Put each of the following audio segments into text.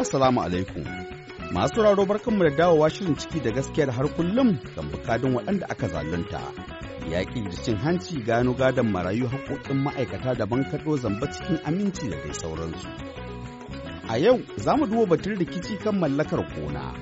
Assalamu alaikum. Masu sauraro barkanmu da dawowa shirin ciki da gaskiyar har kullum kan bukadin waɗanda aka zalunta. Yaƙi da cin hanci gano gadon marayu haƙoƙin ma'aikata da bankaɗo zamba cikin aminci da dai sauransu. A yau za mu duba batun rikici kan mallakar kona.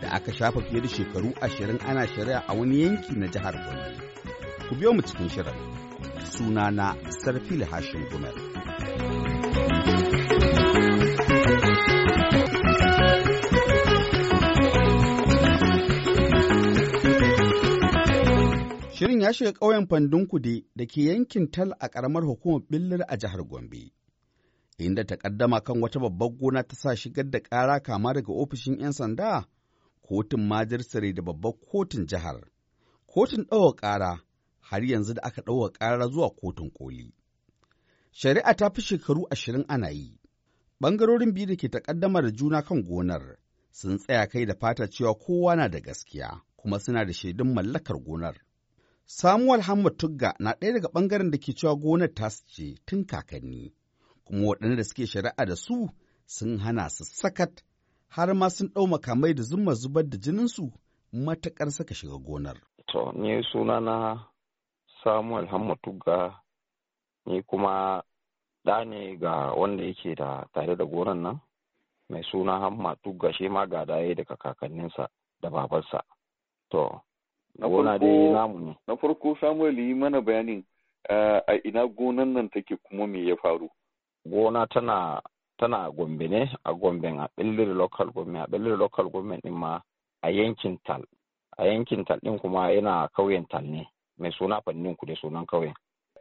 da aka shafa fiye da shekaru ashirin ana shari'a a wani yanki na jihar Gombe. Ku biyo mu cikin shirin suna na Sarfil Hashim Gumel. Shirin ya shiga ƙauyen Fandunkude da ke yankin Tal a ƙaramar hukumar Billir a jihar Gombe. inda takaddama kan wata babbar gona ta sa shigar da ƙara kama daga ofishin 'yan sanda kotun majirsare da babbar kotun jihar, kotun ɗaukar ƙara har yanzu da aka ɗaura ƙara zuwa kotun koli. Shari'a ta fi shekaru ashirin ana yi, Bangarorin biyu da ke takaddama da juna kan gonar sun tsaya kai da fata cewa kowa na da gaskiya kuma suna da shaidun mallakar gonar. Samuwal Hamad Tugga na ɗaya daga ɓangaren da ke cewa gonar ta ce tun kakanni, kuma waɗanda suke shari'a da su sun hana su sakat har ma sun ɗau makamai da zuma zubar da jininsu matakar saka shiga gonar. To, ni suna na Samuel Hammatuga ni kuma ɗa ne ga wanda yake da tare da gonar nan mai suna Hammatuga shi ma ga daya daga kakanninsa da babarsa. To, gona dai namu ne. Na farko Samuel yi mana bayanin eh, a ina gonan nan take kuma me ya faru. Gona tana tana a gombe ne a gombe a billiri local government a billiri local government din ma a yankin tal a yankin tal din kuma yana kauyen tal ne mai suna fannin ku da sunan kauyen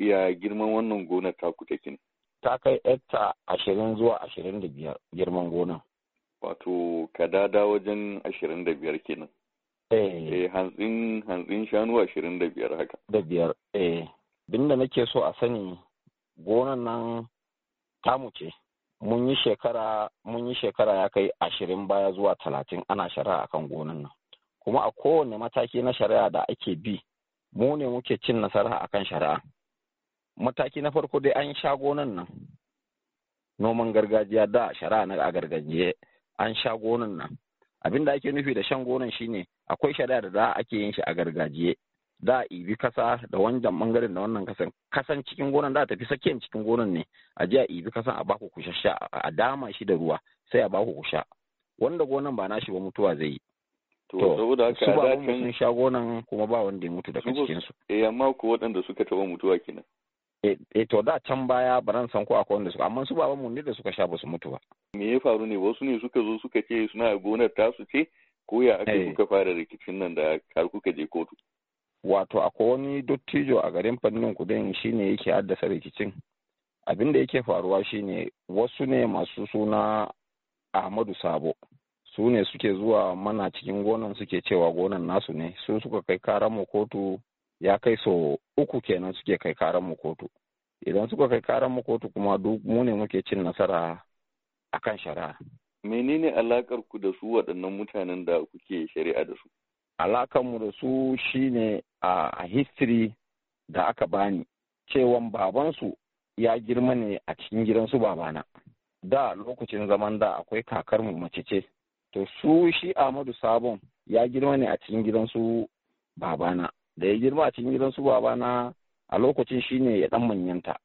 ya girman wannan gonar ta ku take ne ta kai hekta ashirin zuwa ashirin da biyar girman gonar. wato kadada wajen ashirin da biyar kenan eh, eh hantsin hantsin shanu ashirin da biyar haka da biyar eh binda nake so a sani gonan nan tamu ce mun yi shekara mun yi shekara ya kai ashirin baya zuwa talatin ana shari'a akan gonan nan kuma a kowane mataki na shari'a da ake bi mu ne muke cin nasara akan shari'a mataki na farko dai an sha gonan nan noman gargajiya da shari'a na a gargajiye an sha gonan nan abin da ake nufi da shan gonan shine akwai shari'a da za ake yin shi a gargajiye Da a ibi kasa da wanda bangaren da wannan kasan kasan cikin gonan da tafi sakiyan cikin gonan ne a je a ibi kasan a baku ku sha a dama shi da ruwa sai a baku ku sha wanda gonan ba nashi ba mutuwa zai yi to saboda haka su ba mun sun sha gonan kuma ba wanda ya mutu daga cikin su eh amma ko waɗanda suka taba mutuwa kenan eh, eh to da can baya baran san ko akwai wanda suka amma su ba mu ne da suka sha ba su mutu ba me ya faru ne wasu ne suka zo suka ce suna gonar tasu ce ko ya aka eh. kuka fara rikicin nan da har kuka je kotu wato akwai wani dottijo a garin fannin kudin shine yake haddasa rikicin Abinda yake faruwa shine wasu ne masu suna ahmadu sabo su ne suke zuwa mana cikin gonan suke cewa gonan nasu ne su suka kai karan mu kotu ya kai so uku kenan suke kai karan mu kotu idan suka kai karan mu kotu kuma duk mune muke cin nasara akan shari'a menene alakar ku da su waɗannan mutanen da kuke shari'a da su alakanmu da su shine a history da aka bani cewan babansu ya girma ne a cikin gidansu babana da lokacin zaman da akwai kakarmu mace ce to su shi Amadu Sabon ya girma ne a cikin gidansu babana da ya girma a cikin gidansu babana a lokacin shine ya dan manyanta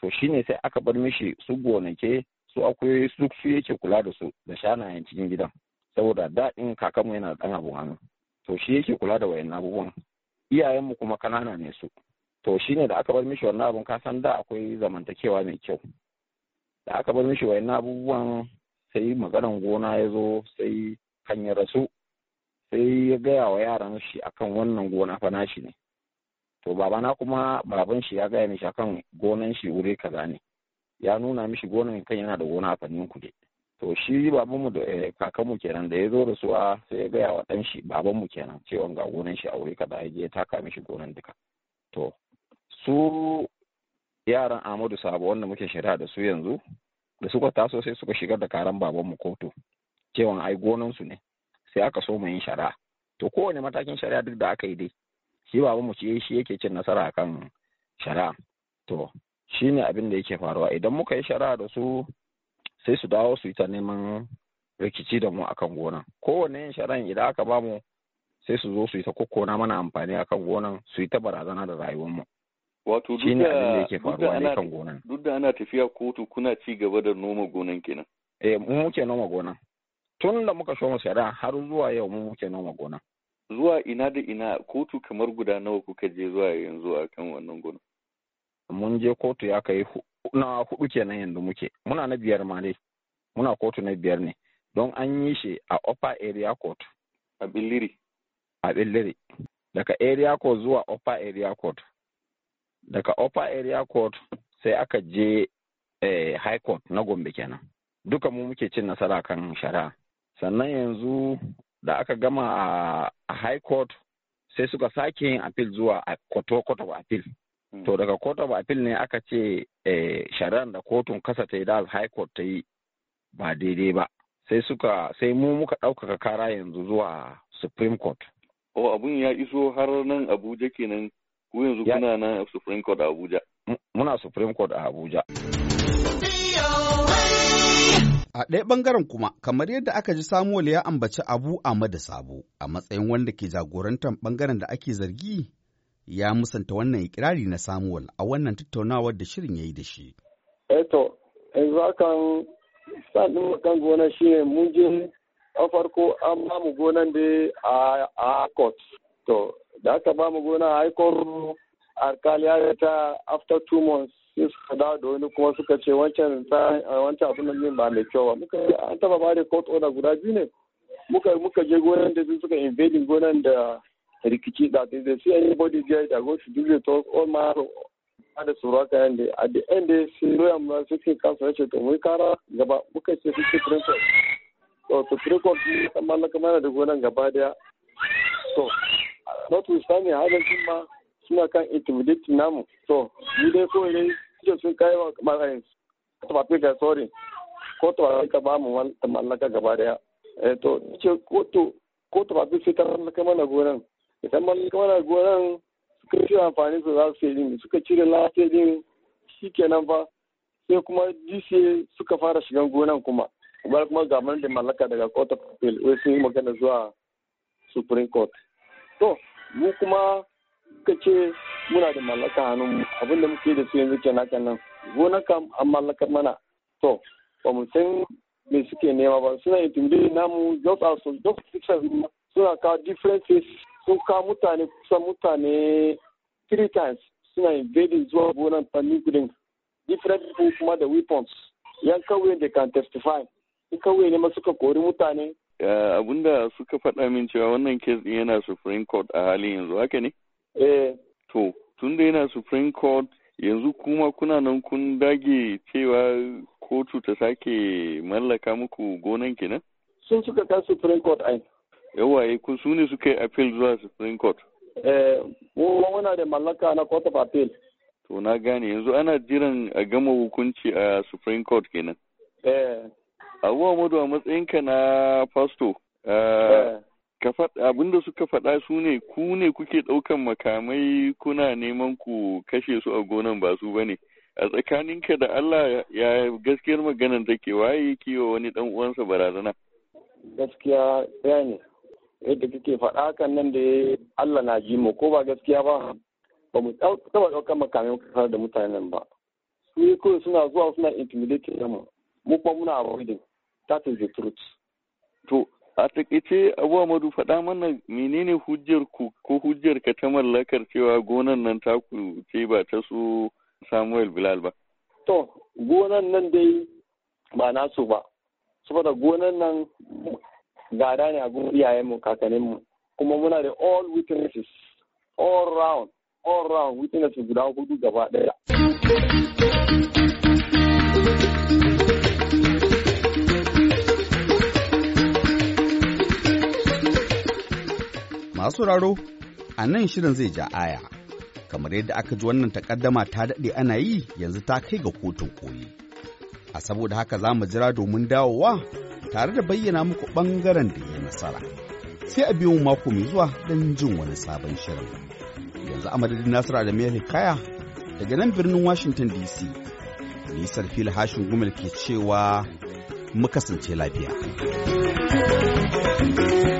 to shine sai aka bar mishi su gonake su akwai su yake kula da su da shanayen cikin gidan saboda daɗin kakanmu yana da ɗan abu hannu to shi yake kula da wayan abubuwan iyayenmu kuma kanana ne su to shi ne da aka bar mishi wannan abun kasan da akwai zamantakewa mai kyau da aka bar mishi wayan abubuwan sai maganan gona ya zo sai kan ya rasu sai ya gaya wa yaran shi akan wannan gona fa nashi ne to babana kuma baban shi ya gaya mishi akan gonan shi wuri kaza ne ya nuna mishi gonan kan yana da gona a fannin kuɗi to shi babanmu da eh, kakanmu kenan da ya zo da su a ah, sai ya gaya wa ɗanshi babanmu kenan cewa ga gonan shi a wuri kaza ya je ya taka mishi gonan duka to su yaran Ahmadu Sabo wanda muke shari'a da su yanzu da suka taso sai suka shigar da karan babanmu kotu cewa ai gonansu ne sai aka so mu yin shari'a to kowane matakin shari'a duk da aka yi dai shi babanmu ce shi yake cin nasara akan shari'a to shine abin da yake faruwa idan muka yi shari'a da su sai su dawo su yi ta neman rikici da mu akan gonan kowane yin sharan idan aka ba mu, sai su zo su yi ta kokona mana amfani akan gonan su yi ta barazana da rayuwarmu wato duk da duk da ana tafiya kotu kuna ci gaba da noma gonan kenan eh mu muke noma gonan tun da muka shoma shari'a har zuwa yau mu muke noma gonan zuwa ina da ina kotu kamar guda nawa kuka je zuwa yanzu akan wannan gonan mun je kotu ya kai na hudu kenan yanzu muke muna na biyar ma dai muna kotu na biyar ne don an yi shi a upper area court a billiri a billiri daga area court zuwa upper area court daga upper area court sai aka je eh, high court na gombe kenan duka mu muke cin nasara kan shari'a sannan yanzu da aka gama a, high court sai suka sake yin appeal zuwa a kwato-kwato appeal Hmm. to daga court of appeal ne aka ce eh, shari'ar da kotun kasa ta yi da high court ta yi ba daidai ba sai suka sai mu muka ɗaukaka kara yanzu zuwa supreme court o abun ya iso har nan abuja kenan ku yanzu kuna na supreme court a abuja muna supreme court a abuja A ɗaya ɓangaren kuma, kamar yadda aka ji Samuel ya ambaci Abu Ahmad Sabo a matsayin wanda ke jagorantar ɓangaren da ake zargi ya musanta wannan ikirari na Samuel a wannan tattaunawar da shirin ya yi da shi. Eto, eh yanzu hakan sadin kan gona shi ne mun je a farko an ba mu gonan da a court. To, da aka ba mu gona a court alkali ya ta after two months sai suka dawo da wani kuma suka ce wancan wancan abin nan ba mai kyau ba muka an taba ba da court order guda biyu ne muka je gonan da suka invading gonan da rikici da if they see anybody there that goes to do the talk all manner of da tsoro ka yan da at the end dai sai lawyer mu suke kansa yace to mun kara gaba muka ce suke principal to to principal ne san mallaka mana da gonan gaba daya to not we stand in hada ma suna kan intimidate namu to ni dai ko ne suke sun kai wa kamar to ba fika sorry ko to ka ba mu mallaka gaba daya eh to ce ko to ko to ba fika mallaka mana gonan musamman kamar gonan suka ci amfani su za su yi suka cire lafiya din shi kenan fa sai kuma dca suka fara shigan gonan kuma kuma kuma gaban da mallaka daga court of appeal wai sun yi magana zuwa supreme court to mu kuma suka ce muna da mallaka hannun abin da muke da su yanzu kenan kenan gonan kam an mallakar mana to ba mu san me suke nema ba suna intimidate namu just as just suna kawo different sun kawo mutane kusan mutane three times suna invading zuwa gonan fannin gudun different people kuma da weapons yan kawai da kan testify in kawai ne suka kori mutane abinda suka faɗa min cewa wannan kes din yana supreme court a halin yanzu haka ne eh to tun da yana supreme court yanzu kuma kuna nan kun dage cewa kotu ta sake mallaka muku gonan kenan sun suka kai supreme court ai yawaye eh, ku su ne suka yi appeal zuwa supreme court kuma eh, muna da mallaka na court of appeal to na gane yanzu ana jiran a gama hukunci a supreme court kenan eh abu amadu a matsayinka na pasto abinda ah, eh. suka faɗa su ne ku ne kuke ɗaukan makamai kuna neman ku kashe su a gonan ba su bane a tsakaninka da Allah ya gaskiyar maganar take waye yake wa wani dan uwansa barazana gaskiya ya ne yadda kake faɗa kan nan da ya Allah na ji mu ko ba gaskiya ba ba mu taɓa ɗaukar makamai kasar da mutanen ba su kawai suna zuwa suna intimidating namu mu kuma muna avoiding that is the truth to a takaice abu amadu faɗa mana menene hujjar ku ko hujjar ka ta mallakar cewa gonan nan ta ku ce ba ta su samuel bilal ba to gonan nan dai ba nasu ba saboda gonan nan gada ne a gun iyayenmu kakanninmu kuma muna da all witnesses all round all round witnesses guda hudu gaba daya masu raro a nan shirin zai ja aya kamar yadda aka ji wannan takaddama ta daɗe ana yi yanzu ta kai ga kotun koli a saboda haka za mu jira domin dawowa tare da bayyana muku ɓangaren da ya nasara. Sai a biyo mako mai zuwa don jin wani sabon shirin. Yanzu a madadin Nasiru da mai Kaya daga nan birnin Washington DC. Nisar fil hashin gumel ke cewa mu kasance lafiya. thank you